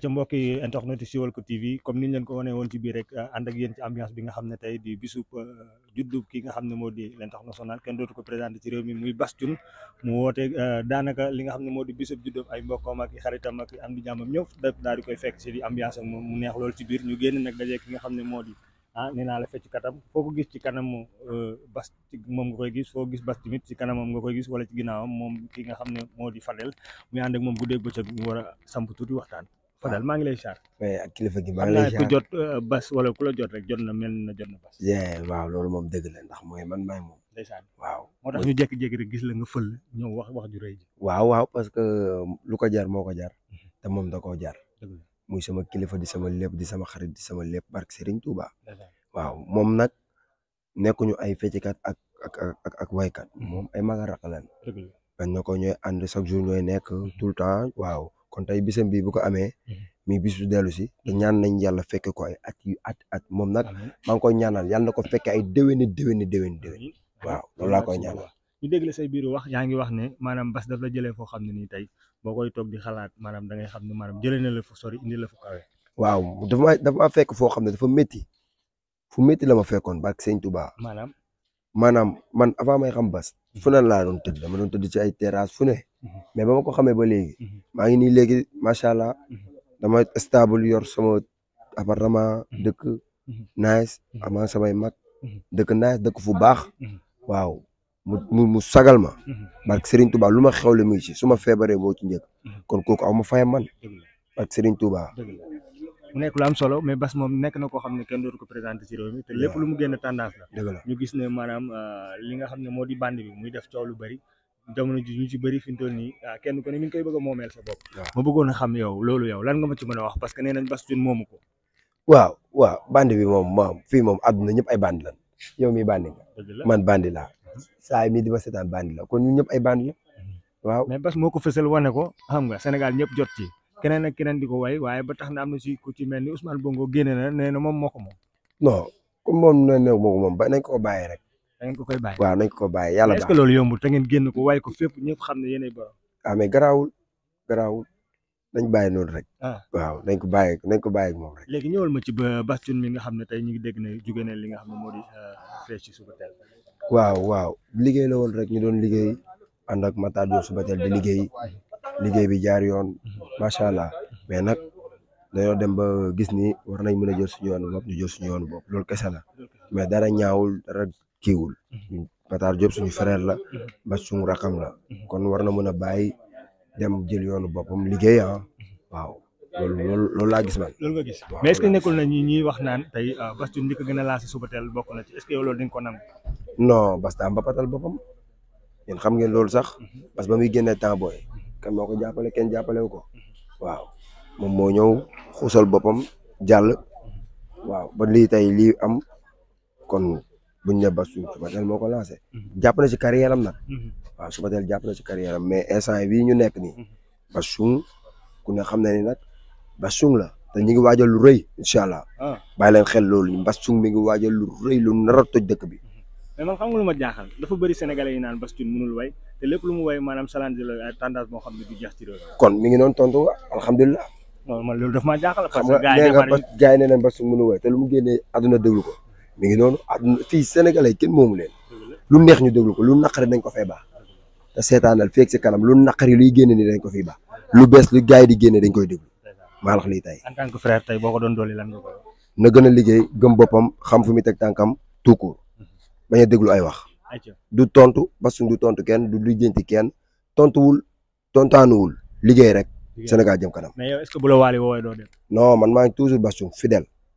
ca mbokk yi internet yi Siweulko TV comme niñ leen ko wanee woon ci biir rek euh, ànd ak yéen ci ambiance bi nga xam ne tey di bisub euh, juddub ki nga xam ne moo di l'international kenn dootu ko présenté ci réew mi muy Bass Thioung mu woote euh, daanaka li nga xam ne moo di bisub juddub ay mbokkoom ak i xaritam ak am di jàmbam ñëw def daal di koy fekk ci di ambiance ak moom mu neex loolu ci biir nga xam ne moo di ah nee naa la fecc katam foo ko gis ci moom nga koy gis foo gis Bass tamit ci kanamam nga koy gis wala ci ginnaawam moom ki nga xam ne moo di Fadel muy ànd ak moom guddeeg bëccëg ñu war tuuti waxtaan Fadal maa ngi lay char eh, ak kilifa gi maa ngi lay char ku jot eh, bas wala ku la jot rek jot na mel na jot na bas. waaw loolu moom dëgg la ndax mooy man maay moom. waaw moo tax ñu jékki-jékki rek gis la nga fël ñëw wax wax ju rëy waaw waaw parce que um, lu ko jar moo ko jar mhm. te moom da koo jar. muy sama kilifa di sama lépp di sama xarit di sama lépp barke Serigne Touba. waaw moom nag nekkuñu ay feccikat ak ak ak ak waykat mhm. moom ay magaraq lan. dëgg la ñoo ko ñooy ànd chaque jour ñooy nekk mhm. tout le temps waaw. kon tey bisa bi bu ko amee mhm. mi bis bu dellu si ñaan nañ yàlla fekke ko ay at yu at at moom nag maa ngi koy ñaanal yàlla na ko fekke ay déwéni déwéni déwéni déwén waaw loolu laa koy ñaanal ñu dégg say biir wax yaa ngi wax ne maanaam bas daf la jëlee foo xam ne nii tey boo koy toog di xalaat maanaam da ngay xam ne maanaam jëlee na la fu sori indi la fu kawe waaw dafa ma fekk foo xam ne dafa métti fu metti la ma fekkoon barke sëñ Touba maanaam maanaam man avant may xam bass fu ne laa doon tëdd dama doon tëdd ci ay terrasse fu ne mais ba ma ko xamee ba léegi mhm. maa ngi nii léegi macha allah mhm. dama stable yor sama appartement mhm. dëkk nice amaa samay mag dëkk nice dëkk fu baax waaw mu mu sagal ma barke Serigne Touba lu ma xewle mu ngi ci su ma feebaree boo ci njëkk kon kooku aw ma fayam man barke Serigne Touba. mu nekk lu am solo mais Bass moom nekk na ko xam ne kenn dootu ko présenté ci réew mi te lépp lu mu génn tendance ñu gis ne maanaam euh, li nga xam ne moo di bande bi muy def coow lu bari. jamono ji ñu ci bëri fi mu toll nii ah kenn ku ne mi ngi koy bëgg a moomeel sa bopp. ma bëggoon a xam yow loolu yow lan nga ma a wax parce que nee nañ Bass Thioung moomu ko. bandi bi moom moom fii moom àdduna ñëpp ay bandi lan yow mii bandi nga. man bandi laa. Mhm. saa yi mii di ma seetaan bandi la kon ñun ñëpp ay bandi la mhm. waaw. mais Bass moo ko fësal wane ko xam nga Sénégal ñëpp jot ci keneen ak keneen di ko way waaye ba tax na am na si ku ci mel ni Ousmane Bongo génne na nee na moom moo ko moom. non comme moom nee moom ba nañ ko bàyyi rek ngeen ko koy bàyyi waaw nañ ko ko bàyyi yàlla baax est-ce que loolu yombul te génn ko waaye ko fépp ñëpp xam ne yéenay borom waaw ah, mais garaawul garaawul nañ bàyyi noonu rek ah. waaw nañ ko bàyyi nañ ko bàyyi moom rek léegi ñëwal ma ci ba Bastion mi nga xam ne tey ñu ngi dégg ne jóge na li nga xam ne moo di euh, fee ci waaw waaw liggéey la woon rek ñu doon liggéey ànd ak Matar Diop suba teel di liggéey liggéey bi jaar yoon mhm. macha allah mais nag dañoo dem ba gis ni war nañ mën a jël suñu yoon bopp ñu jël suñu yoon bopp loolu kese la dara ñaawul kiiwul mhm. Matar Diop suñu frère la mhm. ba suñu rakam la mhm. kon war na mën a bàyyi dem jël yoonu boppam liggéey ah waaw loolu laa gis man. loolu nga nekkul na ñi wax naan tey ah, Bass Thioung li ko gën a lancé Subatel bokk na ci est ce que yow loolu di nga ko nangu. non Bass daa boppam yéen xam ngeen loolu sax parce que ba muy génnee temps booy ko jàppale kenn jàppalewu ko waaw moom moo ñëw xuusal boppam jàll waaw ba lii tey lii am kon. buñ ne Bassirou Soubatel moo ko lancé. Mhm. jàpp na ci carrière am nag. Mhm. waaw Soubatel jàpp na ci carrière mais instant bii ñu nekk nii. Mhm. Bassirou ku ne xam na ni nag Bassirou la te ñu ngi waajal lu rëy incha allah. Ah. bàyyi leen xel loolu Bassirou mi ngi waajal lu rëy lu nar a dëkk bi. mais man xam nga lu ma jaaxal dafa bëri sénégalais yi naan Bassirou mënul way te lu mu way maanaam challenge la euh, xam ne du jeex kon mi ngi noonu tontu nga alhamdulilah. non man loolu daf maa jaaxal. parce que gars yi ne ma ne xam nga ko mi ngi noonu àdduna fii sénégalais kenn moomu leen lu neex ñu déglu ko lu naqari dañ ko fay baax te seetaanal feeg si kanam lu naqari luy génne ni dañ ko fiy ba lu bees lu gars yi di génne dañ koy déglu maa wax lii tey. en tant tey boo ko doon dolli lan na gën a liggéey gëm boppam xam fu muy teg tànkam tout court bañ a déglu ay wax. du tontu Bassirou du tontu kenn du ti kenn tontuwul tontaanuwul liggéey rek Sénégal jëm kanam. mais yow est-ce que bu la waali woowee doo dem. non man maa toujours Bassirou fidèle